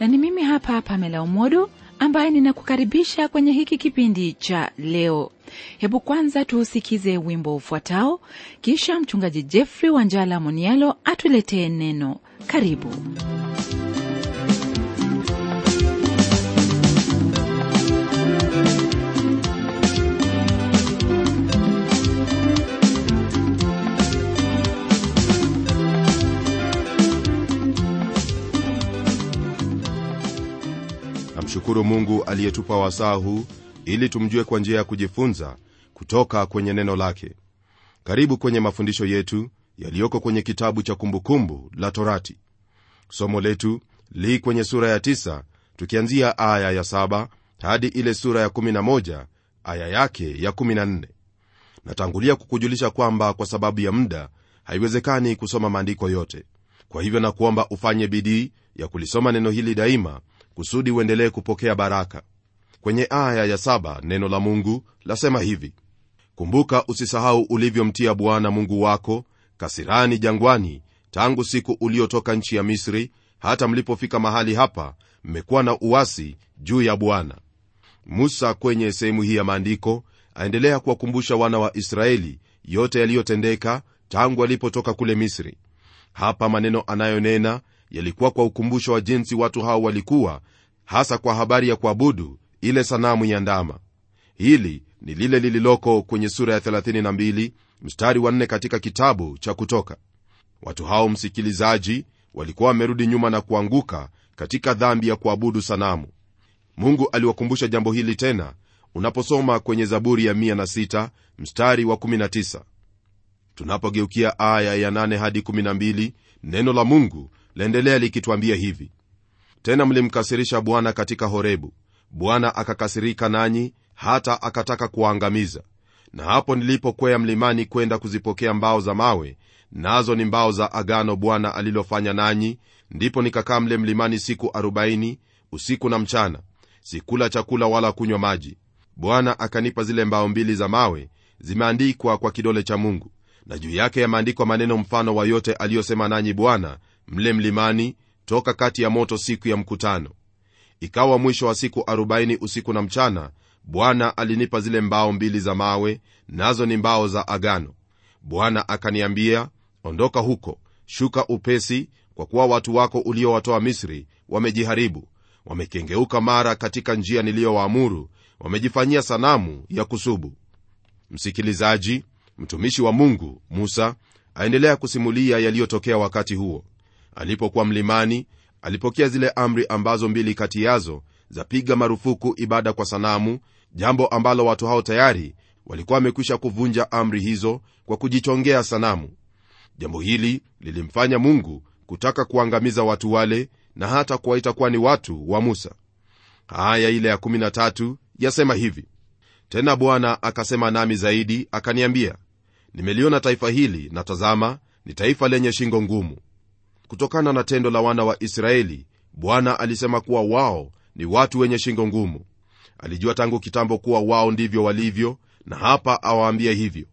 na ni mimi hapa Pamela Omodo ambaye ninakukaribisha kwenye hiki kipindi cha leo. Hebu kwanza tuusikize wimbo ufuatao, kisha mchungaji Jeffrey Wanjala Monialo atuletee neno. Karibu. kumshukuru mungu aliyetupa wasaa huu ili tumjue kwa njia ya kujifunza kutoka kwenye neno lake karibu kwenye mafundisho yetu yaliyoko kwenye kitabu cha kumbukumbu kumbu la torati somo letu li kwenye sura ya 9 tukianzia aya ya 7 hadi ile sura ya 11 aya yake ya 14 natangulia kukujulisha kwamba kwa sababu ya muda haiwezekani kusoma maandiko yote kwa hivyo nakuomba ufanye bidii ya kulisoma neno hili daima kusudi uendelee kupokea baraka kwenye aya ya saba neno la mungu lasema hivi kumbuka usisahau ulivyomtia bwana mungu wako kasirani jangwani tangu siku uliotoka nchi ya misri hata mlipofika mahali hapa mmekuwa na uwasi juu ya bwana musa kwenye sehemu hii ya maandiko aendelea kuwakumbusha wana wa israeli yote yaliyotendeka tangu alipotoka kule misri hapa maneno anayonena yalikuwa kwa ukumbusho wa jinsi watu hao walikuwa hasa kwa habari ya kuabudu ile sanamu ya ndama hili ni lile lililoko kwenye sura ya 32 mstari wa nne katika kitabu cha kutoka watu hao msikilizaji walikuwa wamerudi nyuma na kuanguka katika dhambi ya kuabudu sanamu mungu aliwakumbusha jambo hili tena unaposoma kwenye zaburi ya 6 mstari wa 19 tunapogeukia aya ya 8 hadi 12 neno la mungu laendelea likitwambia hivi tena mlimkasirisha bwana katika horebu bwana akakasirika nanyi hata akataka kuwaangamiza na hapo nilipokwea mlimani kwenda kuzipokea mbao za mawe nazo ni mbao za agano bwana alilofanya nanyi ndipo nikakaa mle mlimani siku 40 usiku na mchana sikula chakula wala kunywa maji bwana akanipa zile mbao mbili za mawe zimeandikwa kwa kidole cha mungu na juu yake yameandikwa maneno mfano wa yote aliyosema nanyi bwana mle mlimani toka kati ya moto siku ya mkutano ikawa mwisho wa siku 4 usiku na mchana bwana alinipa zile mbao mbili za mawe nazo ni mbao za agano bwana akaniambia ondoka huko shuka upesi kwa kuwa watu wako uliowatoa misri wamejiharibu wamekengeuka mara katika njia niliyowaamuru wamejifanyia sanamu ya kusubu msikilizaji mtumishi wa mungu musa aendelea kusimulia yaliyotokea wakati huo alipokuwa mlimani alipokea zile amri ambazo mbili kati yazo zapiga marufuku ibada kwa sanamu jambo ambalo watu hao tayari walikuwa wamekwisha kuvunja amri hizo kwa kujichongea sanamu jambo hili lilimfanya mungu kutaka kuangamiza watu wale na hata kuwaita kuwa ni watu wa musa haya ile ya 13 yasema hivi tena bwana akasema nami zaidi akaniambia nimeliona taifa hili na tazama ni taifa lenye shingo ngumu kutokana na tendo la wana wa israeli bwana alisema kuwa wao ni watu wenye shingo ngumu alijua tangu kitambo kuwa wao ndivyo walivyo na hapa awaambie hivyo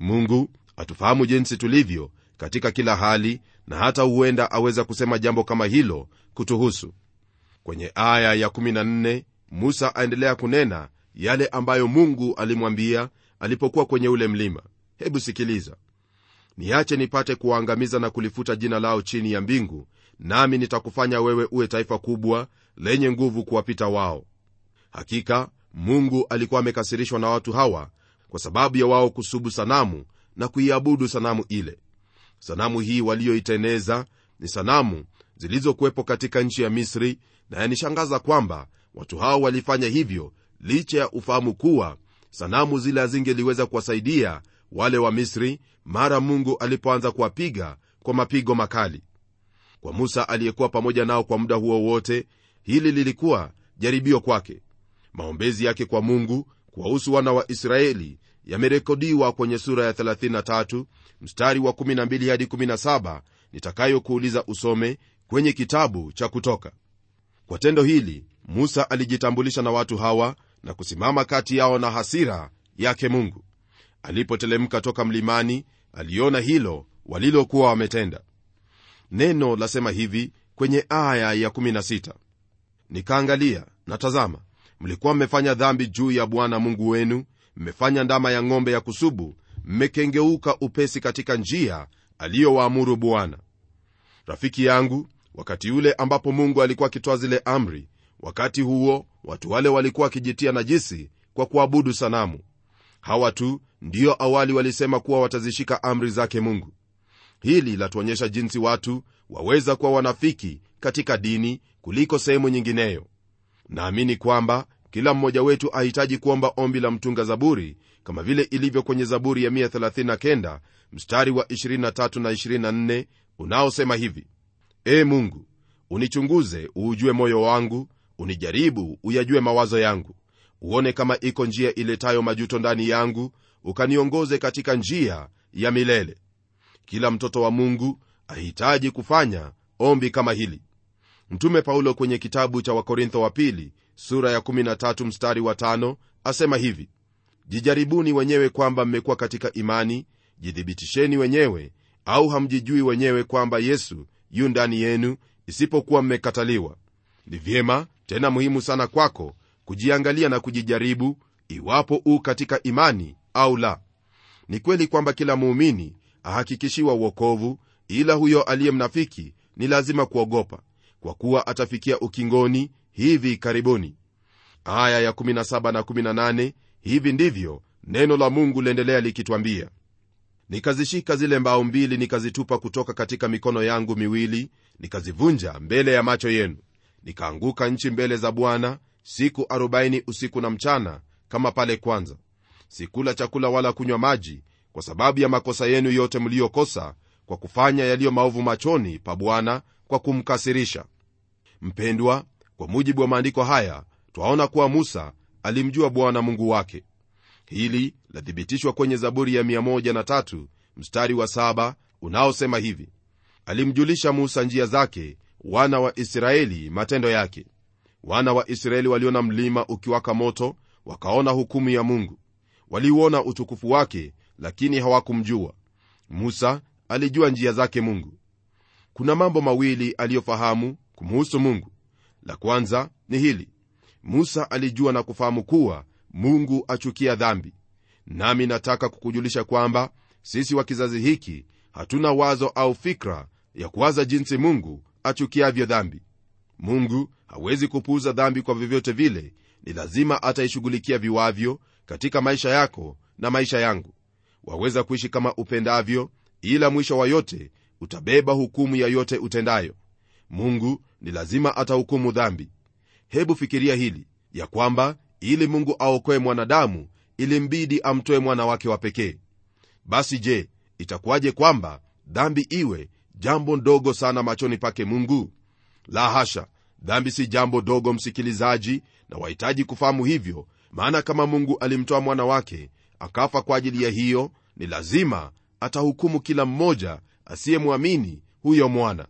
mungu atufahamu jinsi tulivyo katika kila hali na hata huenda aweza kusema jambo kama hilo kutuhusu kwenye aya ya14 musa aendelea kunena yale ambayo mungu alimwambia alipokuwa kwenye ule mlima hebu sikiliza niache nipate kuwaangamiza na kulifuta jina lao chini ya mbingu nami nitakufanya wewe uwe taifa kubwa lenye nguvu kuwapita wao hakika mungu alikuwa amekasirishwa na watu hawa kwa sababu ya wao kusubu sanamu na kuiabudu sanamu ile sanamu hii walioiteneza ni sanamu zilizokuwepo katika nchi ya misri na yanishangaza kwamba watu hao walifanya hivyo licha ya ufahamu kuwa sanamu zile hazingeliweza kuwasaidia wale wa misri mara mungu alipoanza kuwapiga kwa mapigo makali kwa musa aliyekuwa pamoja nao kwa muda huo wote hili lilikuwa jaribio kwake maombezi yake kwa mungu kuwahusu wana wa israeli yamerekodiwa kwenye sura ya 33 mstari wa 12 hadi 17 nitakayokuuliza usome kwenye kitabu cha kutoka kwa tendo hili musa alijitambulisha na watu hawa na kusimama kati yao na hasira yake mungu Alipotelemka toka mlimani, aliona hilo walilokuwa wametenda. Neno lasema hivi kwenye aya ya 16: Nikaangalia natazama mlikuwa mmefanya dhambi juu ya Bwana Mungu wenu, mmefanya ndama ya ng'ombe ya kusubu, mmekengeuka upesi katika njia aliyowaamuru Bwana. Rafiki yangu, wakati ule ambapo Mungu alikuwa akitoa zile amri, wakati huo watu wale walikuwa wakijitia najisi kwa kuabudu sanamu. Hawa tu ndiyo awali walisema kuwa watazishika amri zake mungu hili latuonyesha jinsi watu waweza kuwa wanafiki katika dini kuliko sehemu nyingineyo naamini kwamba kila mmoja wetu ahitaji kuomba ombi la mtunga zaburi kama vile ilivyo kwenye zaburi ya 139 mstari wa 23 na 24 unaosema hivi e mungu unichunguze uujue moyo wangu unijaribu uyajue mawazo yangu uone kama iko njia iletayo majuto ndani yangu ukaniongoze katika njia ya milele kila mtoto wa mungu ahitaji kufanya ombi kama hili mtume paulo kwenye kitabu cha wakorintho wa pili sura ya 13 mstari wa 5 asema hivi jijaribuni wenyewe kwamba mmekuwa katika imani jithibitisheni wenyewe au hamjijui wenyewe kwamba yesu yu ndani yenu isipokuwa mmekataliwa ni vyema tena muhimu sana kwako kujiangalia na kujijaribu iwapo u katika imani au la ni kweli kwamba kila muumini ahakikishiwa uokovu ila huyo aliye mnafiki ni lazima kuogopa kwa kuwa atafikia ukingoni hivi karibuni aya ya 17 na 18 hivi ndivyo neno la mungu liendelea likitwambia nikazishika zile mbao mbili nikazitupa kutoka katika mikono yangu miwili nikazivunja mbele ya macho yenu nikaanguka nchi mbele za bwana siku 40 usiku na mchana kama pale kwanza sikula chakula wala kunywa maji kwa sababu ya makosa yenu yote mliyokosa kwa kufanya yaliyo maovu machoni pa bwana kwa kumkasirisha mpendwa kwa mujibu wa maandiko haya twaona kuwa musa alimjua bwana mungu wake hili lathibitishwa kwenye zaburi ya 13 mstari wa 7 unaosema hivi alimjulisha musa njia zake wana wa israeli matendo yake wana wa israeli waliona mlima ukiwaka moto wakaona hukumu ya mungu waliuona utukufu wake lakini hawakumjua musa alijua njia zake mungu kuna mambo mawili aliyofahamu kumhusu mungu la kwanza ni hili musa alijua na kufahamu kuwa mungu achukia dhambi nami nataka kukujulisha kwamba sisi wa kizazi hiki hatuna wazo au fikra ya kuwaza jinsi mungu achukiavyo dhambi mungu hawezi kupuuza dhambi kwa vyovyote vile ni lazima ataishughulikia viwavyo katika maisha yako na maisha yangu waweza kuishi kama upendavyo ila mwisho wa yote utabeba hukumu ya yote utendayo mungu ni lazima atahukumu dhambi hebu fikiria hili ya kwamba ili mungu aokoe mwanadamu ilimbidi amtoe mwana wake wa pekee basi je itakuwaje kwamba dhambi iwe jambo ndogo sana machoni pake mungu la hasha dhambi si jambo dogo msikilizaji na wahitaji kufahamu hivyo maana kama mungu alimtoa mwana wake akafa kwa ajili ya hiyo ni lazima atahukumu kila mmoja asiyemwamini huyo mwana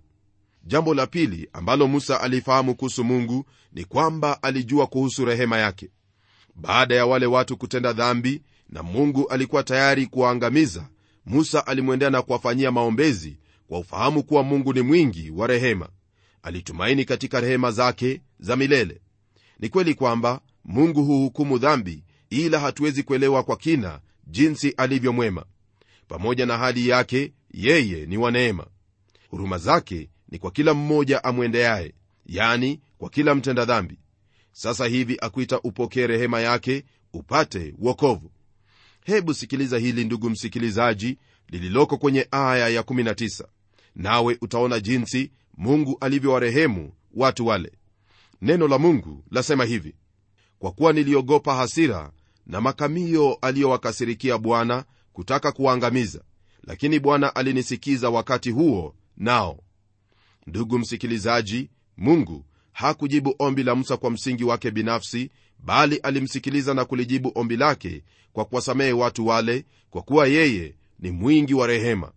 jambo la pili ambalo musa alifahamu kuhusu mungu ni kwamba alijua kuhusu rehema yake baada ya wale watu kutenda dhambi na mungu alikuwa tayari kuwaangamiza musa alimwendea na kuwafanyia maombezi kwa ufahamu kuwa mungu ni mwingi wa rehema alitumaini katika rehema zake za milele ni kweli kwamba mungu huhukumu dhambi ila hatuwezi kuelewa kwa kina jinsi alivyomwema pamoja na hali yake yeye ni waneema huruma zake ni kwa kila mmoja amwendeaye yani kwa kila mtenda dhambi sasa hivi akuita upokee rehema yake upate uokovu hebu sikiliza hili ndugu msikilizaji lililoko kwenye aya ya19 nawe utaona jinsi mungu alivyowarehemu watu wale neno la mungu lasema hivi kwa kuwa niliogopa hasira na makamio aliyowakasirikia Bwana kutaka kuwaangamiza, lakini Bwana alinisikiza wakati huo nao. Ndugu msikilizaji, Mungu hakujibu ombi la Musa kwa msingi wake binafsi, bali alimsikiliza na kulijibu ombi lake kwa kuwasamehe watu wale, kwa kuwa yeye ni mwingi wa rehema.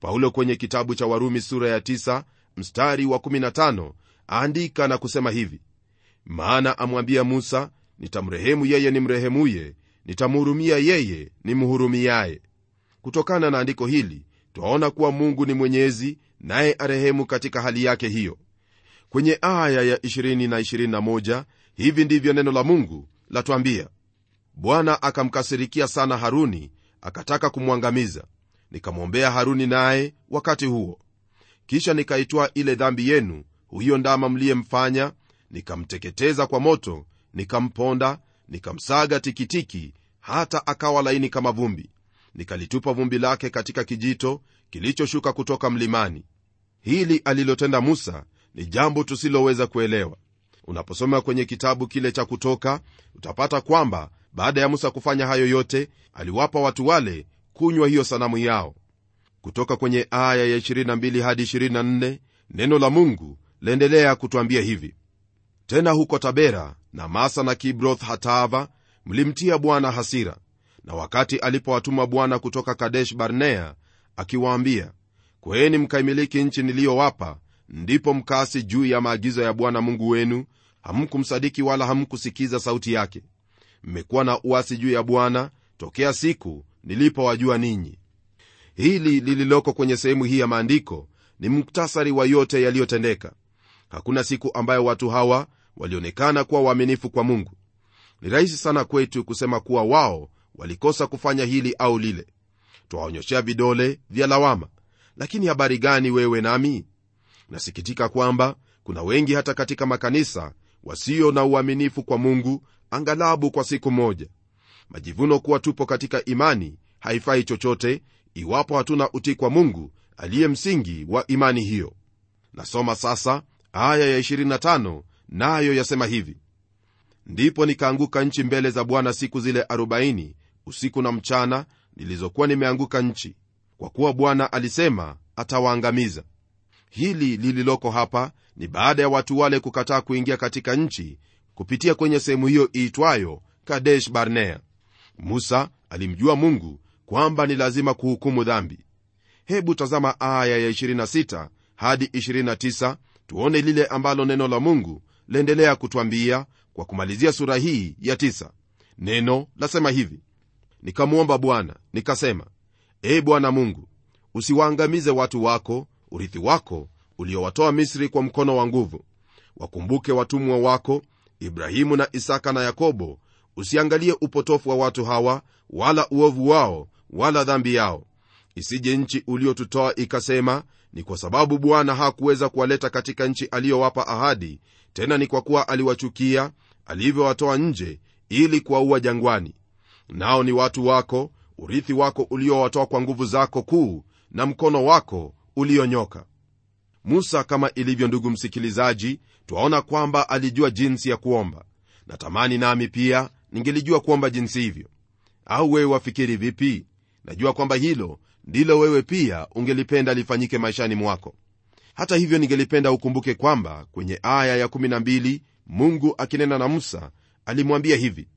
Paulo kwenye kitabu cha Warumi sura ya 9 mstari wa 15 aandika na kusema hivi: maana amwambia musa nitamrehemu yeye nimrehemuye nitamhurumia yeye nimhurumiaye kutokana na andiko hili twaona kuwa mungu ni mwenyezi naye arehemu katika hali yake hiyo kwenye aya ya 20 na 21 hivi ndivyo neno la mungu latwambia bwana akamkasirikia sana haruni akataka kumwangamiza nikamwombea haruni naye wakati huo kisha nikaitwaa ile dhambi yenu huyo ndama mliyemfanya nikamteketeza kwa moto nikamponda nikamsaga tikitiki hata akawa laini kama vumbi nikalitupa vumbi lake katika kijito kilichoshuka kutoka mlimani hili alilotenda musa ni jambo tusiloweza kuelewa unaposoma kwenye kitabu kile cha kutoka utapata kwamba baada ya musa kufanya hayo yote aliwapa watu wale kunywa hiyo sanamu yao kutoka kwenye aya ya 22 hadi 24 neno la mungu laendelea kutwambia hivi tena huko tabera na masa na kibroth hataava mlimtia bwana hasira na wakati alipowatuma bwana kutoka kadesh barnea akiwaambia kweni mkaimiliki nchi niliyowapa ndipo mkaasi juu ya maagizo ya bwana mungu wenu hamkumsadiki wala hamkusikiza sauti yake mmekuwa na uasi juu ya bwana tokea siku nilipowajua ninyi hili lililoko kwenye sehemu hii ya maandiko ni muktasari wa yote yaliyotendeka hakuna siku ambayo watu hawa walionekana kuwa waaminifu kwa mungu ni rahisi sana kwetu kusema kuwa wao walikosa kufanya hili au lile twaonyeshea vidole vya lawama lakini habari gani wewe nami nasikitika kwamba kuna wengi hata katika makanisa wasio na uaminifu kwa mungu angalabu kwa siku moja majivuno kuwa tupo katika imani haifai chochote iwapo hatuna utii kwa mungu aliye msingi wa imani hiyo nasoma sasa aya ya nayo yasema hivi ndipo nikaanguka nchi mbele za bwana siku zile 40 usiku na mchana nilizokuwa nimeanguka nchi kwa kuwa bwana alisema atawaangamiza hili lililoko hapa ni baada ya watu wale kukataa kuingia katika nchi kupitia kwenye sehemu hiyo iitwayo kadesh barnea musa alimjua mungu kwamba ni lazima kuhukumu dhambi hebu tazama aya ya 26 hadi 29 tuone lile ambalo neno la mungu laendelea kutwambia kwa kumalizia sura hii ya tisa. neno lasema hivi nikamwomba bwana nikasema e bwana mungu usiwaangamize watu wako urithi wako uliowatoa misri kwa mkono wa nguvu wakumbuke watumwa wako ibrahimu na isaka na yakobo usiangalie upotofu wa watu hawa wala uovu wao wala dhambi yao isije nchi uliotutoa ikasema ni kwa sababu bwana hakuweza kuwaleta katika nchi aliyowapa ahadi tena ni kwa kuwa aliwachukia alivyowatoa nje ili kuwaua jangwani nao ni watu wako urithi wako uliowatoa kwa nguvu zako kuu na mkono wako ulionyoka musa kama ilivyo ndugu msikilizaji twaona kwamba alijua jinsi ya kuomba natamani nami pia ningelijua kuomba jinsi hivyo au wewe wafikiri vipi najua kwamba hilo ndilo wewe pia ungelipenda lifanyike maishani mwako hata hivyo ningelipenda ukumbuke kwamba kwenye aya ya12 mungu akinena na musa alimwambia hivi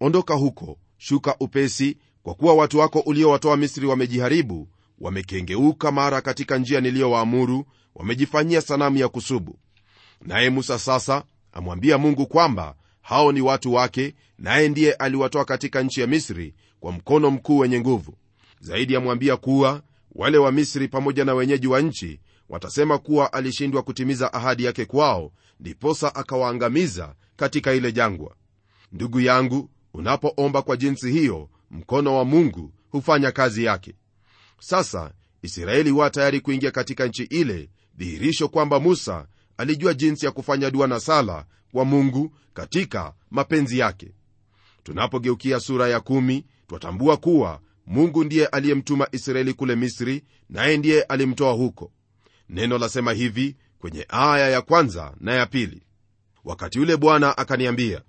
ondoka huko shuka upesi kwa kuwa watu wako uliowatoa misri wamejiharibu wamekengeuka mara katika njia niliyowaamuru wamejifanyia sanamu ya kusubu naye musa sasa amwambia mungu kwamba hao ni watu wake naye ndiye aliwatoa katika nchi ya misri kwa mkono mkuu wenye nguvu zaidi amwambia kuwa wale wa misri pamoja na wenyeji wa nchi watasema kuwa alishindwa kutimiza ahadi yake kwao ndiposa akawaangamiza katika ile jangwa ndugu yangu unapoomba kwa jinsi hiyo mkono wa mungu hufanya kazi yake sasa israeli wa tayari kuingia katika nchi ile dhihirisho kwamba musa alijua jinsi ya kufanya dua na sala kwa mungu katika mapenzi yake tunapogeukia sura ya kumi twatambua kuwa mungu ndiye aliyemtuma israeli kule misri naye ndiye alimtoa huko neno lasema hivi kwenye aya ya kwanza na ya pili wakati yule bwana akaniambia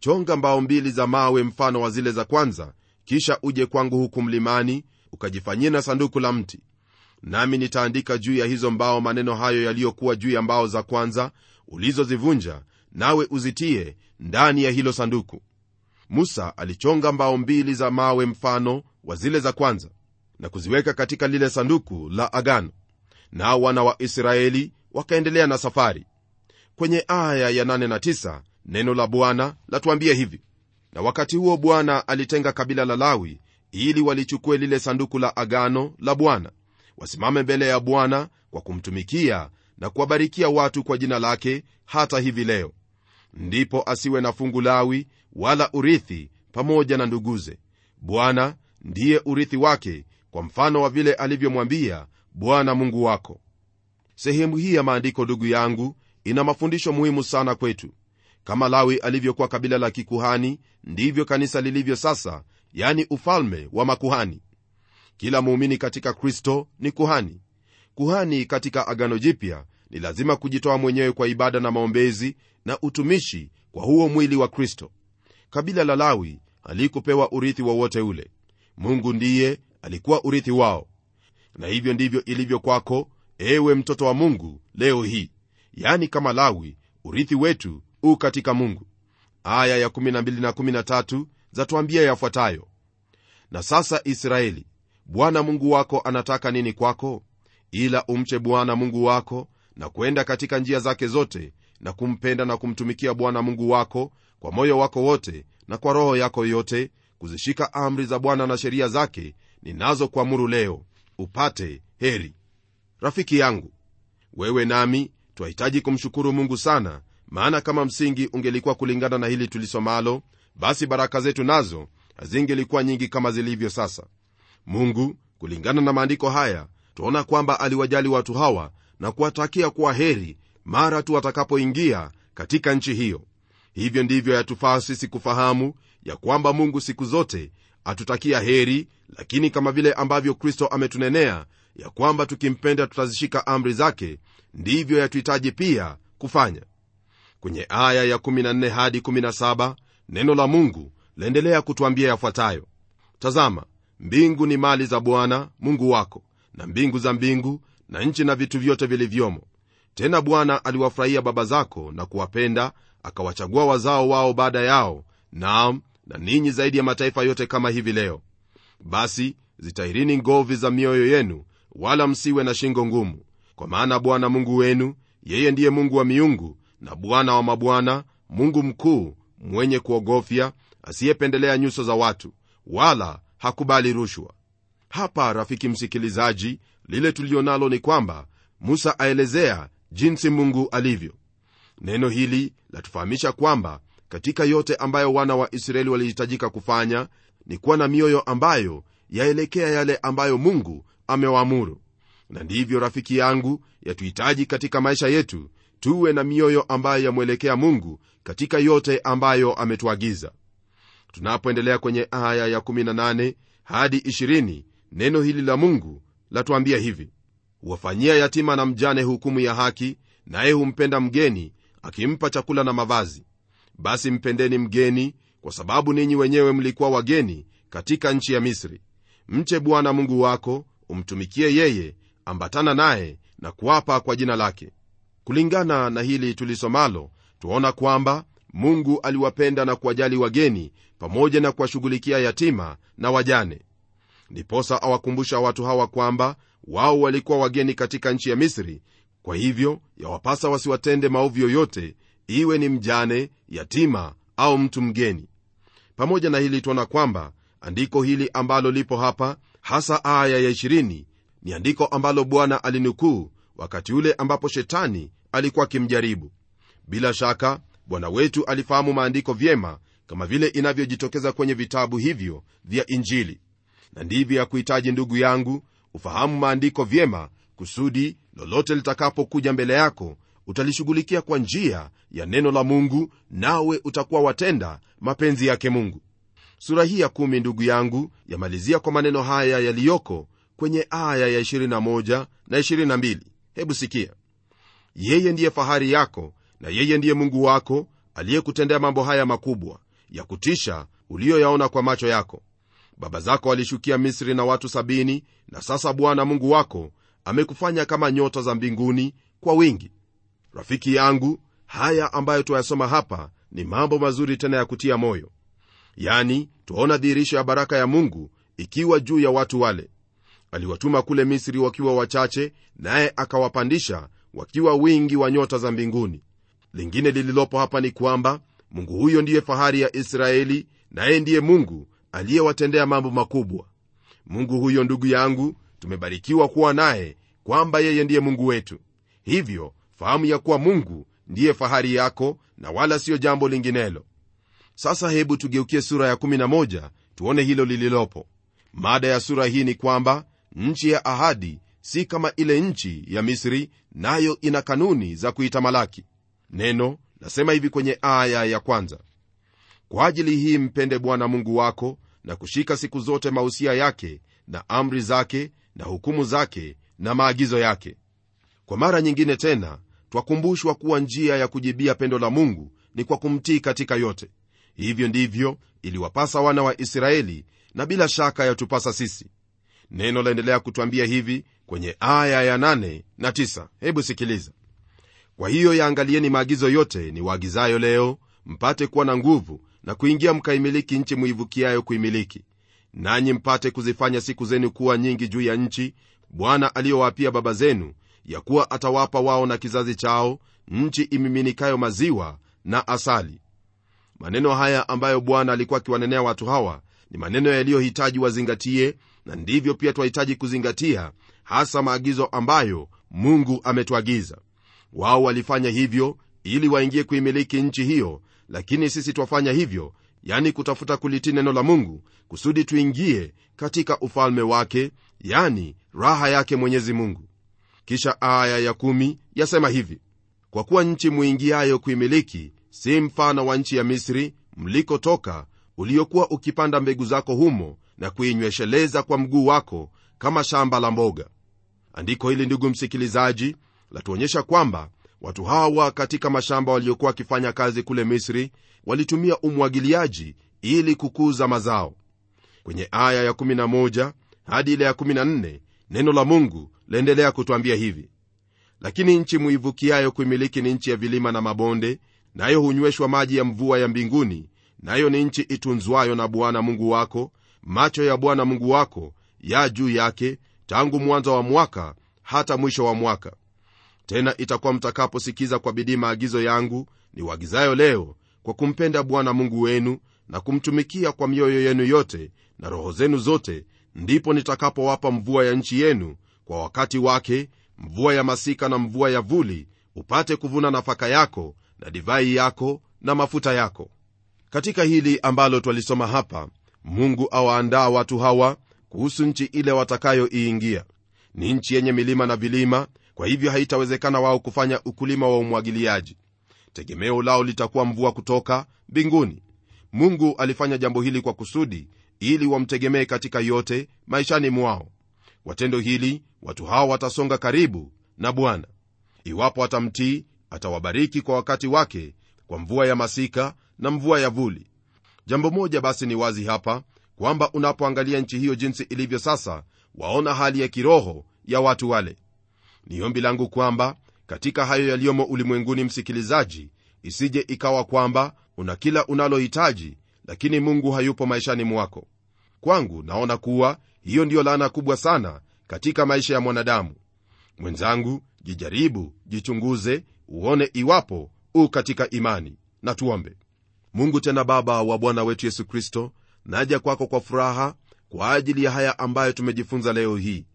chonga mbao mbili za mawe mfano wa zile za kwanza kisha uje kwangu huku mlimani ukajifanyie na sanduku la mti nami nitaandika juu ya hizo mbao maneno hayo yaliyokuwa juu ya mbao za kwanza ulizozivunja nawe uzitie ndani ya hilo sanduku musa alichonga mbao mbili za mawe mfano wa zile za kwanza na kuziweka katika lile sanduku la agano nao wana wa israeli wakaendelea na safari kwenye aya ya 8 na 9 neno la bwana latuambia hivi na wakati huo bwana alitenga kabila la lawi ili walichukue lile sanduku la agano la bwana wasimame mbele ya bwana kwa kumtumikia na kuwabarikia watu kwa jina lake hata hivi leo ndipo asiwe na fungu lawi wala urithi pamoja na nduguze bwana ndiye urithi wake kwa mfano wa vile alivyomwambia bwana mungu wako sehemu hii ya maandiko ndugu yangu ina mafundisho muhimu sana kwetu kama lawi alivyokuwa kabila la kikuhani ndivyo kanisa lilivyo sasa yani ufalme wa makuhani kila muumini katika kristo ni kuhani kuhani katika agano jipya ni lazima kujitoa mwenyewe kwa ibada na maombezi na utumishi kwa huo mwili wa kristo kabila la lawi halikupewa urithi wowote ule mungu ndiye alikuwa urithi wao na hivyo ndivyo ilivyo kwako ewe mtoto wa mungu leo hii yani kama lawi urithi wetu u katika mungu aya ya na zatuambia yafuatayo na sasa israeli bwana mungu wako anataka nini kwako ila umche bwana mungu wako na kwenda katika njia zake zote na kumpenda na kumtumikia bwana mungu wako kwa moyo wako wote na kwa roho yako yote kuzishika amri za bwana na sheria zake ninazokuamuru leo upate heri rafiki yangu wewe nami twahitaji kumshukuru mungu sana maana kama msingi ungelikuwa kulingana na hili tulisomalo basi baraka zetu nazo hazingelikuwa nyingi kama zilivyo sasa mungu kulingana na maandiko haya twaona kwamba aliwajali watu hawa na kuwatakia kuwa heri mara tu watakapoingia katika nchi hiyo hivyo ndivyo yatufaa sisi kufahamu ya kwamba mungu siku zote atutakia heri lakini kama vile ambavyo kristo ametunenea ya kwamba tukimpenda tutazishika amri zake ndivyo yatuhitaji pia kufanya kwenye aya ya 14 hadi 17 neno la mungu laendelea kutwambia yafuatayo tazama mbingu ni mali za bwana mungu wako na mbingu za mbingu na nchi na vitu vyote vilivyomo tena bwana aliwafurahia baba zako na kuwapenda akawachagua wazao wao baada yao naam na ninyi zaidi ya mataifa yote kama hivi leo basi zitahirini ngovi za mioyo yenu wala msiwe na shingo ngumu kwa maana bwana mungu wenu yeye ndiye mungu wa miungu na bwana wa mabwana mungu mkuu mwenye kuogofya asiyependelea nyuso za watu wala hakubali rushwa hapa rafiki msikilizaji lile tulionalo ni kwamba musa aelezea jinsi mungu alivyo neno hili latufahamisha kwamba katika yote ambayo wana wa israeli walihitajika kufanya ni kuwa na mioyo ambayo yaelekea yale ambayo mungu amewaamuru na ndivyo rafiki yangu yatuhitaji katika maisha yetu tuwe na mioyo ambayo yamwelekea mungu katika yote ambayo ametuagiza tunapoendelea kwenye aya ya18 hadi 20 neno hili la mungu latuambia hivi wafanyia yatima na mjane hukumu ya haki naye humpenda mgeni akimpa chakula na mavazi basi mpendeni mgeni kwa sababu ninyi wenyewe mlikuwa wageni katika nchi ya misri mche bwana mungu wako umtumikie yeye ambatana naye na kuapa kwa jina lake kulingana na hili tulisomalo tuaona kwamba mungu aliwapenda na kuwajali wageni pamoja na kuwashughulikia yatima na wajane ndiposa awakumbusha watu hawa kwamba wao walikuwa wageni katika nchi ya misri kwa hivyo yawapasa wasiwatende maovu yoyote iwe ni mjane yatima au mtu mgeni pamoja na hili tuona kwamba andiko hili ambalo lipo hapa hasa aya ya 20 ni andiko ambalo bwana alinukuu wakati ule ambapo shetani alikuwa akimjaribu bila shaka bwana wetu alifahamu maandiko vyema kama vile inavyojitokeza kwenye vitabu hivyo vya injili na ndivyo ya kuhitaji ndugu yangu ufahamu maandiko vyema kusudi lolote litakapokuja mbele yako utalishughulikia kwa njia ya neno la mungu nawe utakuwa watenda mapenzi yake mungu sura hii ya kumi ndugu yangu yamalizia kwa maneno haya yaliyoko kwenye aya ya 21 na 22 hebu sikia yeye ndiye fahari yako na yeye ndiye mungu wako aliyekutendea mambo haya makubwa ya kutisha uliyoyaona kwa macho yako baba zako walishukia misri na watu sabini na sasa bwana mungu wako amekufanya kama nyota za mbinguni kwa wingi rafiki yangu haya ambayo twayasoma hapa ni mambo mazuri tena ya kutia moyo yani twaona dhihirisho ya baraka ya mungu ikiwa juu ya watu wale aliwatuma kule misri wakiwa wachache naye akawapandisha wakiwa wingi wa nyota za mbinguni lingine lililopo hapa ni kwamba mungu huyo ndiye fahari ya israeli naye ndiye mungu aliyewatendea mambo makubwa mungu huyo ndugu yangu tumebarikiwa kuwa naye kwamba yeye ndiye mungu wetu hivyo fahamu ya kuwa mungu ndiye fahari yako na wala siyo jambo linginelo sasa hebu tugeukie sura ya11 tuone hilo lililopo mada ya sura hii ni kwamba nchi ya ahadi si kama ile nchi ya misri nayo na ina kanuni za kuitamalaki neno nasema hivi kwenye aya ya kwanza kwa ajili hii mpende bwana mungu wako na kushika siku zote mausia yake na amri zake na hukumu zake na maagizo yake kwa mara nyingine tena twakumbushwa kuwa njia ya kujibia pendo la mungu ni kwa kumtii katika yote hivyo ndivyo iliwapasa wana wa israeli na bila shaka yatupasa sisi neno laendelea kutwambia hivi kwenye aya ya nane na tisa. hebu sikiliza kwa hiyo yaangalieni maagizo yote ni waagizayo leo mpate kuwa na nguvu na kuingia mkaimiliki nchi muivukiayo kuimiliki nanyi mpate kuzifanya siku zenu kuwa nyingi juu ya nchi bwana aliyowapia baba zenu ya kuwa atawapa wao na kizazi chao nchi imiminikayo maziwa na asali maneno haya ambayo bwana alikuwa akiwanenea watu hawa ni maneno yaliyohitaji wazingatie na ndivyo pia twahitaji kuzingatia hasa maagizo ambayo mungu ametuagiza wao walifanya hivyo ili waingie kuimiliki nchi hiyo lakini sisi twafanya hivyo yani kutafuta kulitii neno la mungu kusudi tuingie katika ufalme wake yani raha yake mwenyezi mungu kisha aya ya kumi yasema hivi kwa kuwa nchi mwingiayo kuimiliki si mfano wa nchi ya misri mlikotoka uliokuwa ukipanda mbegu zako humo na kuinywesheleza kwa mguu wako kama shamba la mboga andiko hili ndugu msikilizaji latuonyesha kwamba watu hawa katika mashamba waliokuwa wakifanya kazi kule misri walitumia umwagiliaji ili kukuza mazao kwenye aya ya 11 hadi ile ya 14 neno la mungu laendelea kutwambia hivi lakini nchi muivukiayo kuimiliki ni nchi ya vilima na mabonde nayo na hunyweshwa maji ya mvua ya mbinguni nayo na ni nchi itunzwayo na bwana mungu wako macho ya bwana mungu wako ya juu yake tangu mwanzo wa mwaka hata mwisho wa mwaka tena itakuwa mtakaposikiza kwa bidii maagizo yangu ni wagizayo leo kwa kumpenda bwana mungu wenu na kumtumikia kwa mioyo yenu yote na roho zenu zote ndipo nitakapowapa mvua ya nchi yenu kwa wakati wake mvua ya masika na mvua ya vuli upate kuvuna nafaka yako na divai yako na mafuta yako katika hili ambalo twalisoma hapa mungu awaandaa watu hawa kuhusu nchi ile watakayoiingia ni nchi yenye milima na vilima kwa hivyo haitawezekana wao kufanya ukulima wa umwagiliaji tegemeo lao litakuwa mvua kutoka mbinguni mungu alifanya jambo hili kwa kusudi ili wamtegemee katika yote maishani mwao kwa tendo hili watu hawa watasonga karibu na bwana iwapo atamtii atawabariki kwa wakati wake kwa mvua ya masika na mvua ya vuli jambo moja basi ni wazi hapa kwamba unapoangalia nchi hiyo jinsi ilivyo sasa waona hali ya kiroho ya watu wale ni ombi langu kwamba katika hayo yaliyomo ulimwenguni msikilizaji isije ikawa kwamba una kila unalohitaji lakini mungu hayupo maishani mwako kwangu naona kuwa hiyo ndiyo laana kubwa sana katika maisha ya mwanadamu mwenzangu jijaribu jichunguze uone iwapo u katika imani na tuombe mungu tena baba wa bwana wetu yesu kristo naja kwako kwa furaha kwa ajili ya haya ambayo tumejifunza leo hii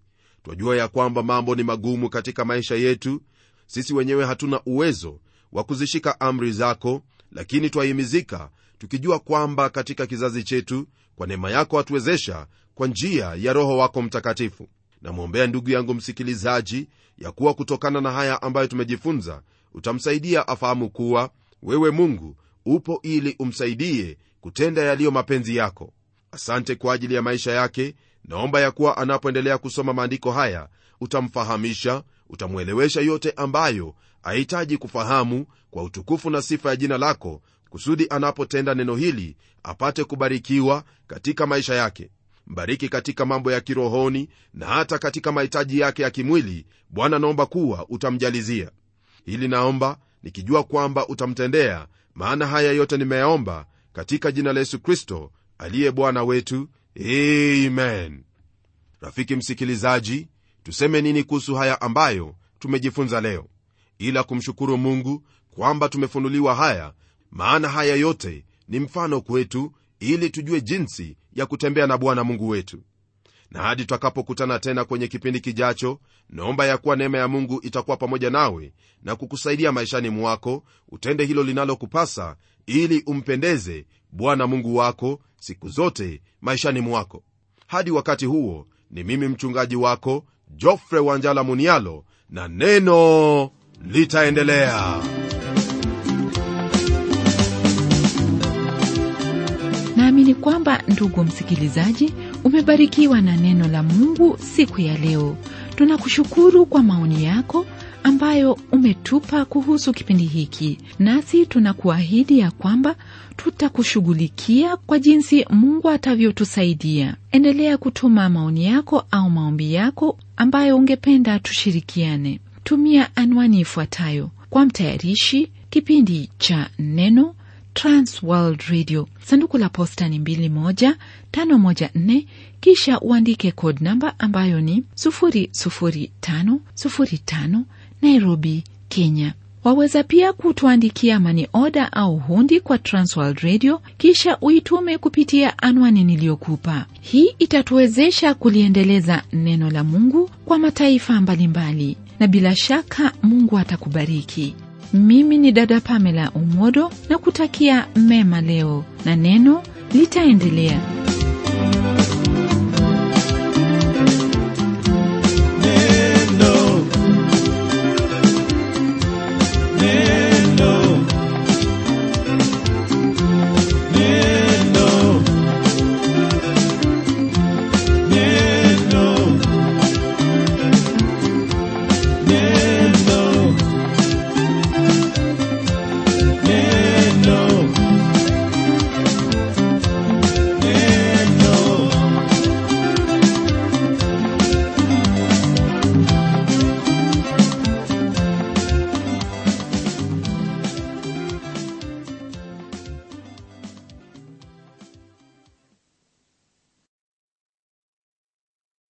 twajua ya kwamba mambo ni magumu katika maisha yetu sisi wenyewe hatuna uwezo wa kuzishika amri zako lakini twahimizika tukijua kwamba katika kizazi chetu kwa neema yako hatuwezesha kwa njia ya roho wako mtakatifu namwombea ndugu yangu msikilizaji ya kuwa kutokana na haya ambayo tumejifunza utamsaidia afahamu kuwa wewe mungu upo ili umsaidie kutenda yaliyo mapenzi yako asante kwa ajili ya maisha yake naomba ya kuwa anapoendelea kusoma maandiko haya utamfahamisha utamwelewesha yote ambayo ahitaji kufahamu kwa utukufu na sifa ya jina lako kusudi anapotenda neno hili apate kubarikiwa katika maisha yake mbariki katika mambo ya kirohoni na hata katika mahitaji yake ya kimwili bwana naomba kuwa utamjalizia hili naomba nikijua kwamba utamtendea maana haya yote nimeyaomba katika jina la yesu kristo aliye bwana wetu men rafiki msikilizaji tuseme nini kuhusu haya ambayo tumejifunza leo ila kumshukuru mungu kwamba tumefunuliwa haya maana haya yote ni mfano kwetu ili tujue jinsi ya kutembea na bwana mungu wetu na hadi twakapokutana tena kwenye kipindi kijacho naomba ya kuwa neema ya mungu itakuwa pamoja nawe na kukusaidia maishani mwako utende hilo linalokupasa ili umpendeze bwana mungu wako siku zote maishani mwako hadi wakati huo ni mimi mchungaji wako jofre wanjala munialo na neno litaendelea naamini kwamba ndugu msikilizaji umebarikiwa na neno la mungu siku ya leo tunakushukuru kwa maoni yako ambayo umetupa kuhusu kipindi hiki nasi tunakuahidi ya kwamba tutakushughulikia kwa jinsi mungu atavyotusaidia endelea kutuma maoni yako au maombi yako ambayo ungependa tushirikiane tumia anwani ifuatayo kwa mtayarishi kipindi cha neno Transworld Radio, sanduku la posta ni 21514, kisha uandike code namba ambayo ni 00505 Nairobi, Kenya. Waweza pia kutuandikia mani oda au hundi kwa Transworld Radio, kisha uitume kupitia anwani niliyokupa. Hii itatuwezesha kuliendeleza neno la Mungu kwa mataifa mbalimbali, na bila shaka Mungu atakubariki. Mimi ni dada Pamela Umodo na kutakia mema leo, na neno litaendelea.